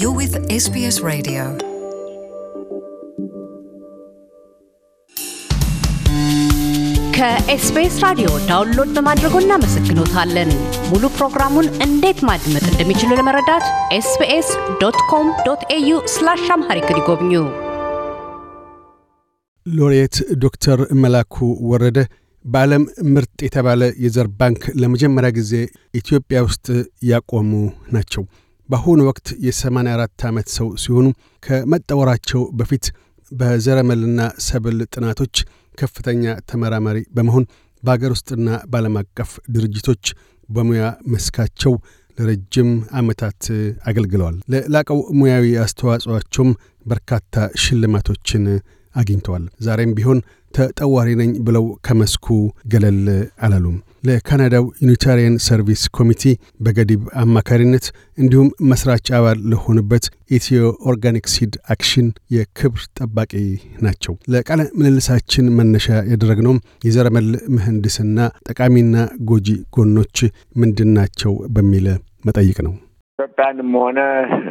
You're with SBS Radio. ከኤስቢኤስ ራዲዮ ዳውንሎድ በማድረጎ እናመሰግኖታለን። ሙሉ ፕሮግራሙን እንዴት ማድመጥ እንደሚችሉ ለመረዳት ኤስቢኤስ ዶት ኮም ዶት ኤዩ ስላሽ አምሃሪክ ይጎብኙ። ሎሬት ዶክተር መላኩ ወረደ በዓለም ምርጥ የተባለ የዘር ባንክ ለመጀመሪያ ጊዜ ኢትዮጵያ ውስጥ ያቆሙ ናቸው። በአሁኑ ወቅት የ84 ዓመት ሰው ሲሆኑ ከመጠወራቸው በፊት በዘረመልና ሰብል ጥናቶች ከፍተኛ ተመራማሪ በመሆን በአገር ውስጥና በዓለም አቀፍ ድርጅቶች በሙያ መስካቸው ለረጅም ዓመታት አገልግለዋል። ለላቀው ሙያዊ አስተዋጽኦቸውም በርካታ ሽልማቶችን አግኝተዋል። ዛሬም ቢሆን ተጠዋሪ ነኝ ብለው ከመስኩ ገለል አላሉም። ለካናዳው ዩኒታሪያን ሰርቪስ ኮሚቴ በገዲብ አማካሪነት እንዲሁም መስራች አባል ለሆኑበት ኢትዮ ኦርጋኒክ ሲድ አክሽን የክብር ጠባቂ ናቸው። ለቃለ ምልልሳችን መነሻ ያደረግነውም የዘረመል ምህንድስና ጠቃሚና ጎጂ ጎኖች ምንድናቸው በሚል መጠይቅ ነው። ኢትዮጵያንም ሆነ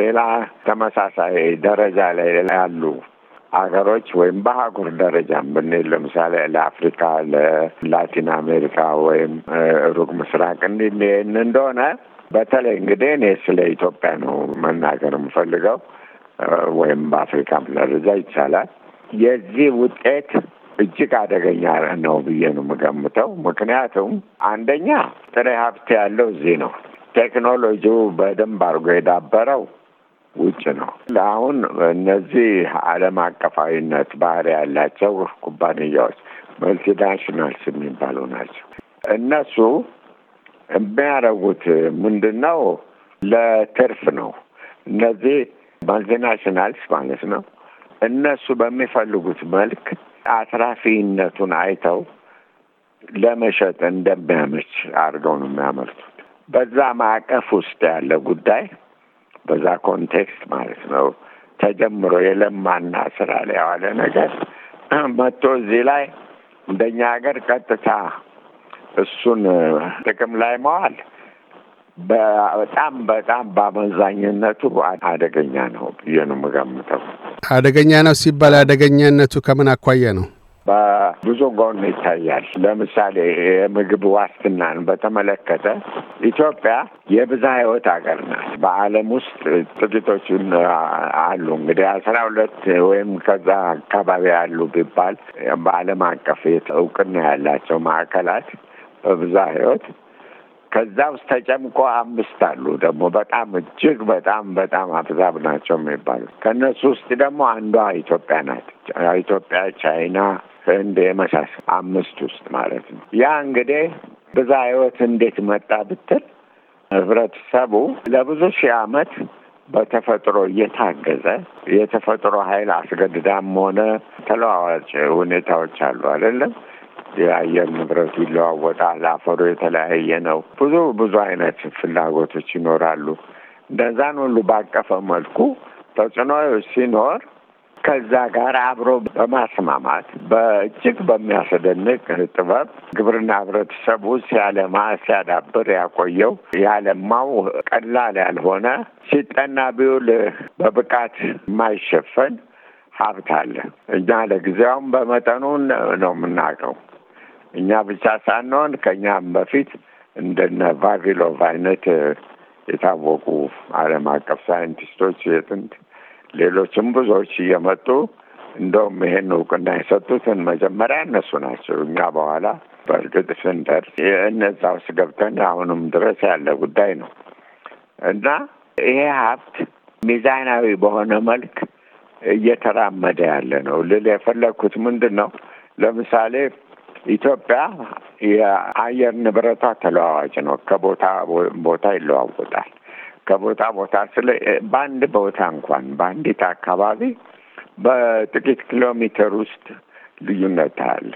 ሌላ ተመሳሳይ ደረጃ ላይ ያሉ አገሮች ወይም በአህጉር ደረጃም ብንሄድ ለምሳሌ ለአፍሪካ፣ ለላቲን አሜሪካ ወይም ሩቅ ምስራቅ እንዲሄን እንደሆነ በተለይ እንግዲህ እኔ ስለ ኢትዮጵያ ነው መናገር የምፈልገው ወይም በአፍሪካ ደረጃ ይቻላል። የዚህ ውጤት እጅግ አደገኛ ነው ብዬ ነው የምገምተው። ምክንያቱም አንደኛ ጥሬ ሀብት ያለው እዚህ ነው። ቴክኖሎጂው በደንብ አድርጎ የዳበረው ውጭ ነው። አሁን እነዚህ ዓለም አቀፋዊነት ባህሪ ያላቸው ኩባንያዎች መልቲናሽናልስ የሚባሉ ናቸው። እነሱ የሚያደርጉት ምንድን ነው? ለትርፍ ነው። እነዚህ መልቲናሽናልስ ማለት ነው። እነሱ በሚፈልጉት መልክ አትራፊነቱን አይተው ለመሸጥ እንደሚያመች አድርገው ነው የሚያመርቱት። በዛ ማዕቀፍ ውስጥ ያለ ጉዳይ በዛ ኮንቴክስት ማለት ነው ተጀምሮ የለማና ስራ ላይ የዋለ ነገር መጥቶ እዚህ ላይ እንደኛ ሀገር ቀጥታ እሱን ጥቅም ላይ መዋል በጣም በጣም በአመዛኝነቱ አደገኛ ነው ብዬ ነው የምገምተው። አደገኛ ነው ሲባል አደገኛነቱ ከምን አኳያ ነው? በብዙ ጎን ይታያል። ለምሳሌ የምግብ ዋስትናን በተመለከተ ኢትዮጵያ የብዛ ህይወት ሀገር ናት። በዓለም ውስጥ ጥቂቶቹን አሉ እንግዲህ አስራ ሁለት ወይም ከዛ አካባቢ ያሉ ቢባል በዓለም አቀፍ እውቅና ያላቸው ማዕከላት በብዛ ህይወት ከዛ ውስጥ ተጨምቆ አምስት አሉ ደግሞ በጣም እጅግ በጣም በጣም አብዛብ ናቸው የሚባሉ። ከእነሱ ውስጥ ደግሞ አንዷ ኢትዮጵያ ናት። ኢትዮጵያ፣ ቻይና እንደ የመሳሰል አምስት ውስጥ ማለት ነው። ያ እንግዲህ ብዛ ህይወት እንዴት መጣ ብትል ህብረተሰቡ ለብዙ ሺህ ዓመት በተፈጥሮ እየታገዘ የተፈጥሮ ኃይል አስገድዳም ሆነ ተለዋዋጭ ሁኔታዎች አሉ አይደለም። የአየር ንብረቱ ይለዋወጣል። አፈሩ የተለያየ ነው። ብዙ ብዙ አይነት ፍላጎቶች ይኖራሉ። እንደዛን ሁሉ ባቀፈ መልኩ ተጽዕኖ ሲኖር ከዛ ጋር አብሮ በማስማማት በእጅግ በሚያስደንቅ ጥበብ ግብርና ህብረተሰቡ ሲያለማ ሲያዳብር ያቆየው ያለማው ቀላል ያልሆነ ሲጠና ቢውል በብቃት የማይሸፈን ሀብት አለ። እኛ ለጊዜውም በመጠኑ ነው የምናውቀው። እኛ ብቻ ሳንሆን ከእኛም በፊት እንደነ ቫቪሎቭ አይነት የታወቁ ዓለም አቀፍ ሳይንቲስቶች የጥንት ሌሎችም ብዙዎች እየመጡ እንደውም ይሄን እውቅና የሰጡትን መጀመሪያ እነሱ ናቸው። እኛ በኋላ በእርግጥ ስንደርስ እነዛ ውስጥ ገብተን አሁንም ድረስ ያለ ጉዳይ ነው እና ይሄ ሀብት ሚዛናዊ በሆነ መልክ እየተራመደ ያለ ነው ልል የፈለግኩት ምንድን ነው፣ ለምሳሌ ኢትዮጵያ የአየር ንብረቷ ተለዋዋጭ ነው። ከቦታ ቦታ ይለዋወጣል። ከቦታ ቦታ ስለ በአንድ ቦታ እንኳን በአንዲት አካባቢ በጥቂት ኪሎ ሜትር ውስጥ ልዩነት አለ።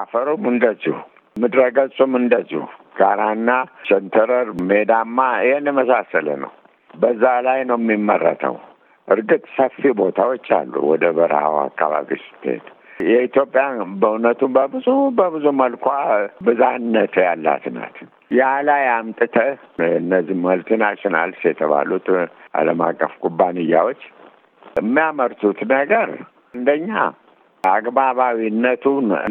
አፈሩም እንደዚሁ ምድረ ገጹም እንደዚሁ ጋራና ሸንተረር፣ ሜዳማ ይህን የመሳሰለ ነው። በዛ ላይ ነው የሚመረተው። እርግጥ ሰፊ ቦታዎች አሉ ወደ በረሃው አካባቢ ስትሄድ የኢትዮጵያን በእውነቱ በብዙ በብዙ መልኳ ብዛነት ያላት ናት። ያ ላይ አምጥተህ እነዚህ መልቲናሽናልስ የተባሉት ዓለም አቀፍ ኩባንያዎች የሚያመርቱት ነገር እንደኛ አግባባዊነቱ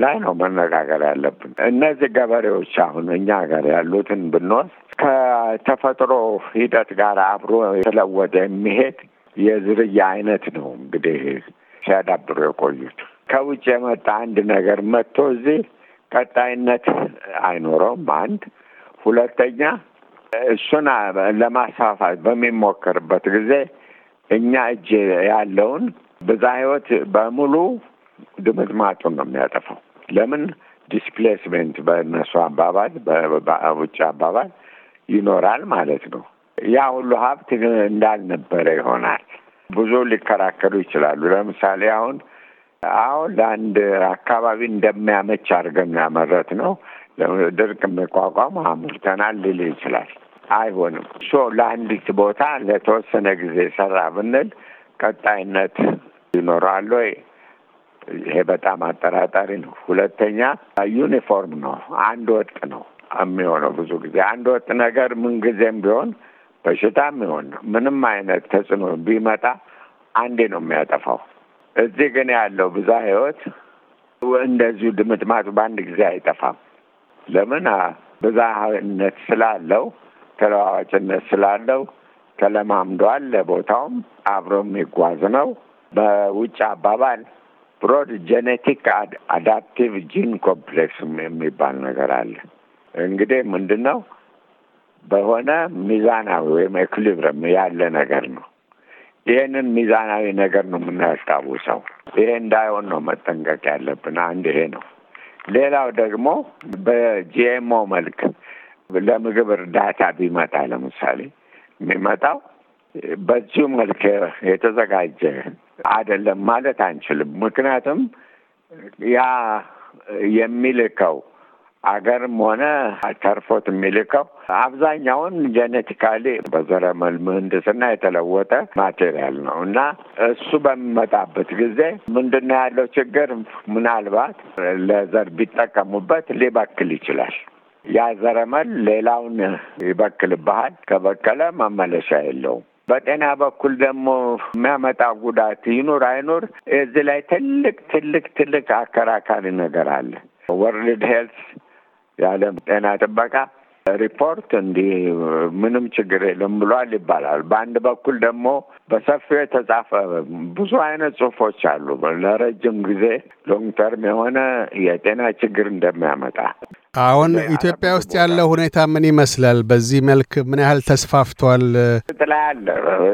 ላይ ነው መነጋገር ያለብን። እነዚህ ገበሬዎች አሁን እኛ ሀገር ያሉትን ብንወስድ ከተፈጥሮ ሂደት ጋር አብሮ የተለወጠ የሚሄድ የዝርያ አይነት ነው እንግዲህ ሲያዳብሩ የቆዩት ከውጭ የመጣ አንድ ነገር መጥቶ እዚህ ቀጣይነት አይኖረውም። አንድ ሁለተኛ እሱን ለማስፋፋት በሚሞክርበት ጊዜ እኛ እጅ ያለውን ብዛ ህይወት በሙሉ ድምጥማጡን ነው የሚያጠፋው። ለምን ዲስፕሌስሜንት በእነሱ አባባል በውጭ አባባል ይኖራል ማለት ነው። ያ ሁሉ ሀብት እንዳልነበረ ይሆናል። ብዙ ሊከራከሩ ይችላሉ። ለምሳሌ አሁን አዎ ለአንድ አካባቢ እንደሚያመች አድርገን ያመረት ነው። ድርቅ የሚቋቋም አምርተናል ልል ይችላል። አይሆንም። ሶ ለአንዲት ቦታ ለተወሰነ ጊዜ ሰራ ብንል ቀጣይነት ይኖረዋል ወይ? ይሄ በጣም አጠራጣሪ ነው። ሁለተኛ ዩኒፎርም ነው፣ አንድ ወጥ ነው የሚሆነው። ብዙ ጊዜ አንድ ወጥ ነገር ምንጊዜም ቢሆን በሽታም ይሆን ምንም አይነት ተጽዕኖ ቢመጣ አንዴ ነው የሚያጠፋው። እዚህ ግን ያለው ብዛ ህይወት እንደዚሁ ድምጥማጡ በአንድ ጊዜ አይጠፋም። ለምን ብዛህነት ስላለው ተለዋዋጭነት ስላለው ተለማምዷል። ለቦታውም አብሮ የሚጓዝ ነው። በውጭ አባባል ብሮድ ጄኔቲክ አዳፕቲቭ ጂን ኮምፕሌክስ የሚባል ነገር አለ። እንግዲህ ምንድን ነው? በሆነ ሚዛናዊ ወይም ኤኩሊብረም ያለ ነገር ነው። ይህንን ሚዛናዊ ነገር ነው የምናስታውሰው። ይሄ እንዳይሆን ነው መጠንቀቅ ያለብን። አንድ ይሄ ነው። ሌላው ደግሞ በጂኤምኦ መልክ ለምግብ እርዳታ ቢመጣ ለምሳሌ የሚመጣው በዚሁ መልክ የተዘጋጀ አይደለም ማለት አንችልም። ምክንያቱም ያ የሚልከው አገርም ሆነ ተርፎት የሚልከው አብዛኛውን ጄኔቲካሊ በዘረመል ምህንድስና የተለወጠ ማቴሪያል ነው እና እሱ በሚመጣበት ጊዜ ምንድነው ያለው ችግር? ምናልባት ለዘር ቢጠቀሙበት ሊበክል ይችላል። ያ ዘረመል ሌላውን ይበክልብሃል። ከበከለ መመለሻ የለውም። በጤና በኩል ደግሞ የሚያመጣ ጉዳት ይኑር አይኑር፣ እዚህ ላይ ትልቅ ትልቅ ትልቅ አከራካሪ ነገር አለ። ወርልድ ሄልት የዓለም ጤና ጥበቃ ሪፖርት እንዲህ ምንም ችግር የለም ብሏል ይባላል። በአንድ በኩል ደግሞ በሰፊው የተጻፈ ብዙ አይነት ጽሁፎች አሉ። ለረጅም ጊዜ ሎንግ ተርም የሆነ የጤና ችግር እንደሚያመጣ። አሁን ኢትዮጵያ ውስጥ ያለው ሁኔታ ምን ይመስላል? በዚህ መልክ ምን ያህል ተስፋፍቷል? ጥላያለ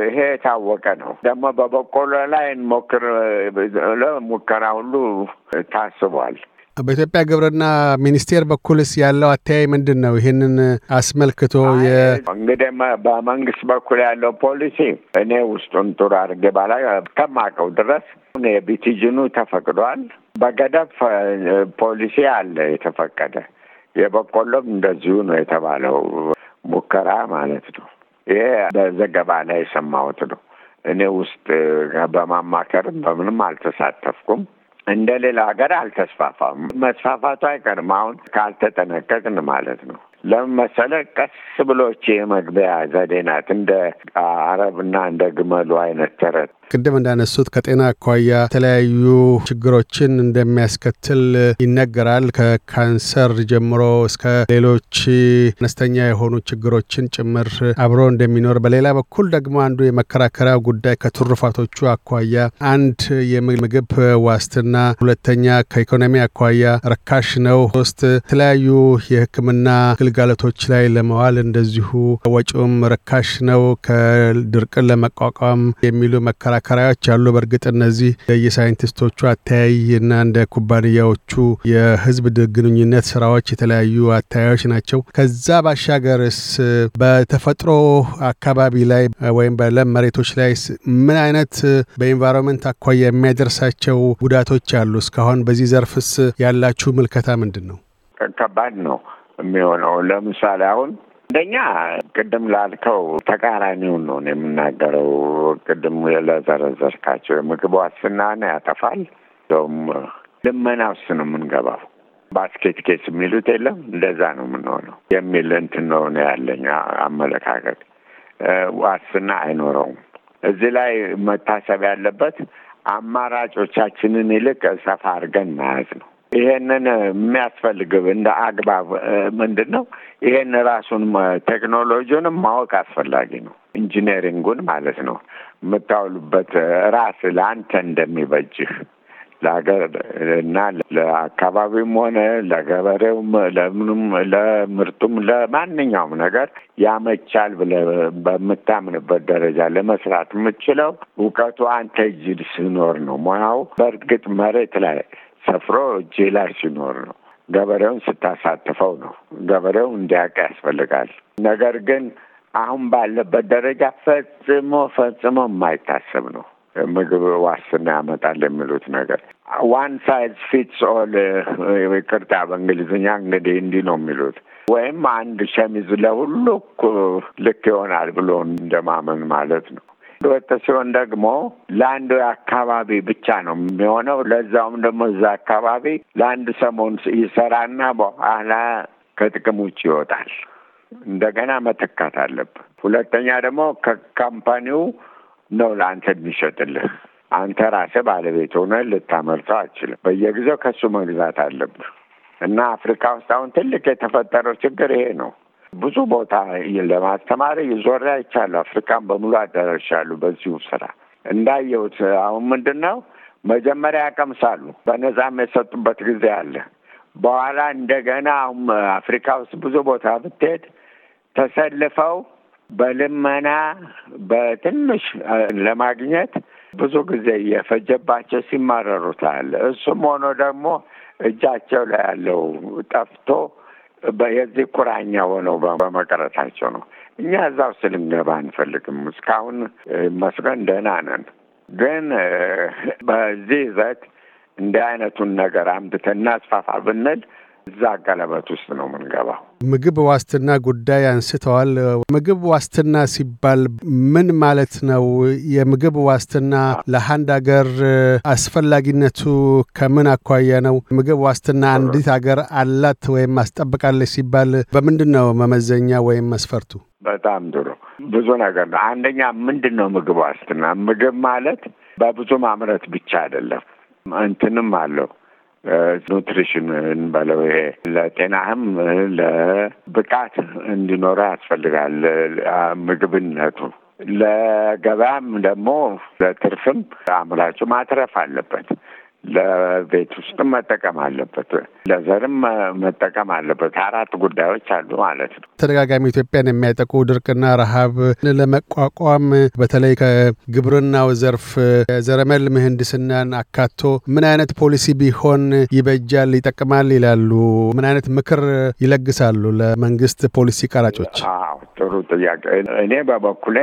ይሄ የታወቀ ነው። ደግሞ በበቆሎ ላይ ሞክር ሙከራ ሁሉ ታስቧል። በኢትዮጵያ ግብርና ሚኒስቴር በኩልስ ያለው አተያይ ምንድን ነው? ይህንን አስመልክቶ እንግዲህ በመንግስት በኩል ያለው ፖሊሲ እኔ ውስጡን ጡር አድርጌ ባላ ከማቀው ድረስ የቢቲጅኑ ተፈቅዷል። በገደብ ፖሊሲ አለ የተፈቀደ። የበቆሎም እንደዚሁ ነው የተባለው ሙከራ ማለት ነው። ይሄ በዘገባ ላይ የሰማሁት ነው። እኔ ውስጥ በማማከርም በምንም አልተሳተፍኩም። እንደ ሌላ ሀገር አልተስፋፋም። መስፋፋቱ አይቀርም። አሁን ካልተጠነቀቅን ማለት ነው። ለምን መሰለህ? ቀስ ብሎች የመግቢያ ዘዴ ናት። እንደ አረብና እንደ ግመሉ አይነት ተረት ቅድም እንዳነሱት ከጤና አኳያ የተለያዩ ችግሮችን እንደሚያስከትል ይነገራል። ከካንሰር ጀምሮ እስከ ሌሎች አነስተኛ የሆኑ ችግሮችን ጭምር አብሮ እንደሚኖር፣ በሌላ በኩል ደግሞ አንዱ የመከራከሪያ ጉዳይ ከትሩፋቶቹ አኳያ አንድ የምግብ ዋስትና፣ ሁለተኛ ከኢኮኖሚ አኳያ ርካሽ ነው፣ ሶስት የተለያዩ የሕክምና ግልጋሎቶች ላይ ለመዋል እንደዚሁ ወጪውም ርካሽ ነው፣ ከድርቅን ለመቋቋም የሚሉ መከራ አከራዮች አሉ። በእርግጥ እነዚህ የሳይንቲስቶቹ አተያይ እና እንደ ኩባንያዎቹ የህዝብ ግንኙነት ስራዎች የተለያዩ አተያዮች ናቸው። ከዛ ባሻገርስ በተፈጥሮ አካባቢ ላይ ወይም በለም መሬቶች ላይ ምን አይነት በኢንቫይሮንመንት አኳያ የሚያደርሳቸው ጉዳቶች አሉ? እስካሁን በዚህ ዘርፍስ ያላችሁ ምልከታ ምንድን ነው? ከባድ ነው የሚሆነው ለምሳሌ አሁን አንደኛ ቅድም ላልከው ተቃራኒውን ነው የምናገረው። ቅድም ለዘረዘርካቸው የምግብ ዋስትናን ያጠፋል። እንደውም ልመና ውስጥ ነው የምንገባው። ባስኬት ኬስ የሚሉት የለም እንደዛ ነው የምንሆነው የሚል እንትን ነው ያለኝ አመለካከት። ዋስትና አይኖረውም። እዚህ ላይ መታሰብ ያለበት አማራጮቻችንን ይልቅ ሰፋ አድርገን መያዝ ነው። ይሄንን የሚያስፈልግ እንደ አግባብ ምንድን ነው? ይሄን ራሱን ቴክኖሎጂውንም ማወቅ አስፈላጊ ነው። ኢንጂነሪንጉን ማለት ነው የምታውሉበት ራስ ለአንተ እንደሚበጅህ ለሀገር እና ለአካባቢውም ሆነ ለገበሬውም ለምኑም ለምርቱም ለማንኛውም ነገር ያመቻል ብለህ በምታምንበት ደረጃ ለመስራት የምችለው እውቀቱ አንተ እጅ ሲኖር ነው። ሙያው በእርግጥ መሬት ላይ ሰፍሮ እጅ ላይ ሲኖር ነው። ገበሬውን ስታሳትፈው ነው። ገበሬው እንዲያውቅ ያስፈልጋል። ነገር ግን አሁን ባለበት ደረጃ ፈጽሞ ፈጽሞ የማይታሰብ ነው። ምግብ ዋስትና ያመጣል የሚሉት ነገር ዋን ሳይዝ ፊትስ ኦል፣ ይቅርታ በእንግሊዝኛ እንግዲህ እንዲህ ነው የሚሉት ወይም አንድ ሸሚዝ ለሁሉ ልክ ይሆናል ብሎ እንደማመን ማለት ነው። ወጥ ሲሆን ደግሞ ለአንድ አካባቢ ብቻ ነው የሚሆነው። ለዛውም ደግሞ እዛ አካባቢ ለአንድ ሰሞን ይሰራና በኋላ ከጥቅም ውጭ ይወጣል። እንደገና መተካት አለብ። ሁለተኛ ደግሞ ከካምፓኒው ነው ለአንተ የሚሸጥልህ። አንተ ራስህ ባለቤት ሆነ ልታመርተው አችልም። በየጊዜው ከሱ መግዛት አለብህ እና አፍሪካ ውስጥ አሁን ትልቅ የተፈጠረው ችግር ይሄ ነው። ብዙ ቦታ ለማስተማር የዞር አይቻለሁ። አፍሪካን በሙሉ አዳረሻሉ። በዚሁ ስራ እንዳየሁት አሁን ምንድን ነው መጀመሪያ ያቀምሳሉ። በነጻም የሰጡበት ጊዜ አለ። በኋላ እንደገና አሁን አፍሪካ ውስጥ ብዙ ቦታ ብትሄድ ተሰልፈው በልመና በትንሽ ለማግኘት ብዙ ጊዜ እየፈጀባቸው ሲማረሩታል። እሱም ሆኖ ደግሞ እጃቸው ላይ ያለው ጠፍቶ የዚህ ቁራኛ ሆነው በመቅረታቸው ነው። እኛ እዛው ውስጥ አንፈልግም። እስካሁን መስገን ደህና ነን። ግን በዚህ ይዘት እንዲህ አይነቱን ነገር አምጥተን እናስፋፋ ብንል እዛ ቀለበት ውስጥ ነው የምንገባው። ምግብ ዋስትና ጉዳይ አንስተዋል። ምግብ ዋስትና ሲባል ምን ማለት ነው? የምግብ ዋስትና ለአንድ ሀገር አስፈላጊነቱ ከምን አኳያ ነው? ምግብ ዋስትና አንዲት ሀገር አላት ወይም አስጠብቃለች ሲባል በምንድን ነው መመዘኛ ወይም መስፈርቱ? በጣም ጥሩ ብዙ ነገር ነው። አንደኛ ምንድን ነው ምግብ ዋስትና? ምግብ ማለት በብዙ ማምረት ብቻ አይደለም፣ እንትንም አለው ኑትሪሽን እንበለው ይሄ ለጤናህም ለብቃት እንዲኖረ ያስፈልጋል። ምግብነቱ ለገበያም ደግሞ ለትርፍም አምራቹ ማትረፍ አለበት። ለቤት ውስጥም መጠቀም አለበት፣ ለዘርም መጠቀም አለበት። አራት ጉዳዮች አሉ ማለት ነው። ተደጋጋሚ ኢትዮጵያን የሚያጠቁ ድርቅና ረሃብ ለመቋቋም በተለይ ከግብርናው ዘርፍ ዘረመል ምህንድስናን አካቶ ምን አይነት ፖሊሲ ቢሆን ይበጃል፣ ይጠቅማል ይላሉ? ምን አይነት ምክር ይለግሳሉ ለመንግስት ፖሊሲ ቀራጮች? ጥሩ ጥያቄ። እኔ በበኩሌ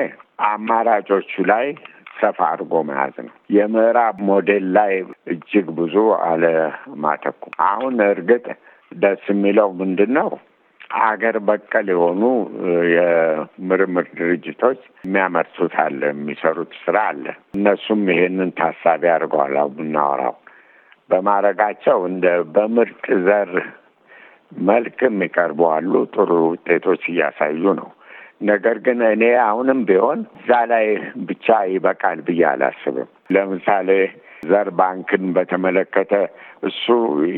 አማራጮቹ ላይ ሰፋ አድርጎ መያዝ ነው። የምዕራብ ሞዴል ላይ እጅግ ብዙ አለማተኩር። አሁን እርግጥ ደስ የሚለው ምንድን ነው? አገር በቀል የሆኑ የምርምር ድርጅቶች የሚያመርቱት አለ፣ የሚሰሩት ስራ አለ። እነሱም ይሄንን ታሳቢ አድርገዋል ብናወራው በማድረጋቸው እንደ በምርጥ ዘር መልክም ይቀርበዋሉ። ጥሩ ውጤቶች እያሳዩ ነው። ነገር ግን እኔ አሁንም ቢሆን እዛ ላይ ብቻ ይበቃል ብዬ አላስብም። ለምሳሌ ዘር ባንክን በተመለከተ እሱ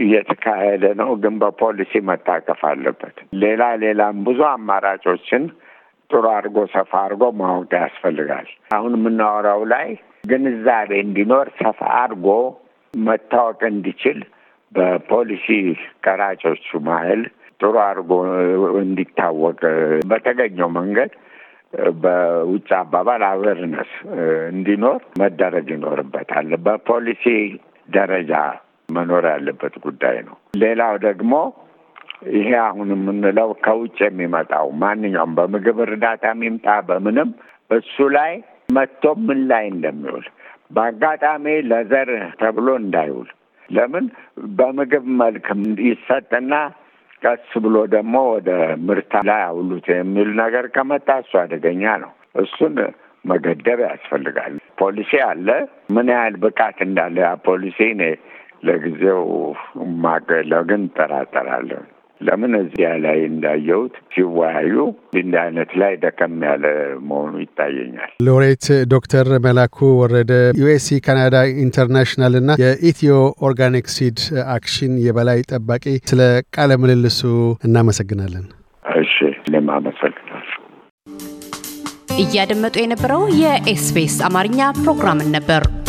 እየተካሄደ ነው፣ ግን በፖሊሲ መታቀፍ አለበት። ሌላ ሌላም ብዙ አማራጮችን ጥሩ አድርጎ ሰፋ አድርጎ ማወቅ ያስፈልጋል። አሁን የምናወራው ላይ ግንዛቤ እንዲኖር ሰፋ አድርጎ መታወቅ እንዲችል በፖሊሲ ቀራጮቹ ማህል ጥሩ አድርጎ እንዲታወቅ በተገኘው መንገድ በውጭ አባባል አዌርነስ እንዲኖር መደረግ ይኖርበታል። በፖሊሲ ደረጃ መኖር ያለበት ጉዳይ ነው። ሌላው ደግሞ ይሄ አሁን የምንለው ከውጭ የሚመጣው ማንኛውም በምግብ እርዳታ የሚምጣ በምንም እሱ ላይ መጥቶ ምን ላይ እንደሚውል በአጋጣሚ ለዘር ተብሎ እንዳይውል ለምን በምግብ መልክ ይሰጥና ቀስ ብሎ ደግሞ ወደ ምርታ ላይ አውሉት የሚል ነገር ከመጣ እሱ አደገኛ ነው። እሱን መገደብ ያስፈልጋል። ፖሊሲ አለ። ምን ያህል ብቃት እንዳለ ያ ፖሊሲ እኔ ለጊዜው ማገለግን ግን ለምን እዚያ ላይ እንዳየሁት ሲወያዩ ድንድ አይነት ላይ ደከም ያለ መሆኑ ይታየኛል። ሎሬት ዶክተር መላኩ ወረደ ዩኤስሲ ካናዳ ኢንተርናሽናል እና የኢትዮ ኦርጋኒክ ሲድ አክሽን የበላይ ጠባቂ፣ ስለ ቃለ ምልልሱ እናመሰግናለን። እሺ እኔም አመሰግናለሁ። እያደመጡ የነበረው የኤስቢኤስ አማርኛ ፕሮግራምን ነበር።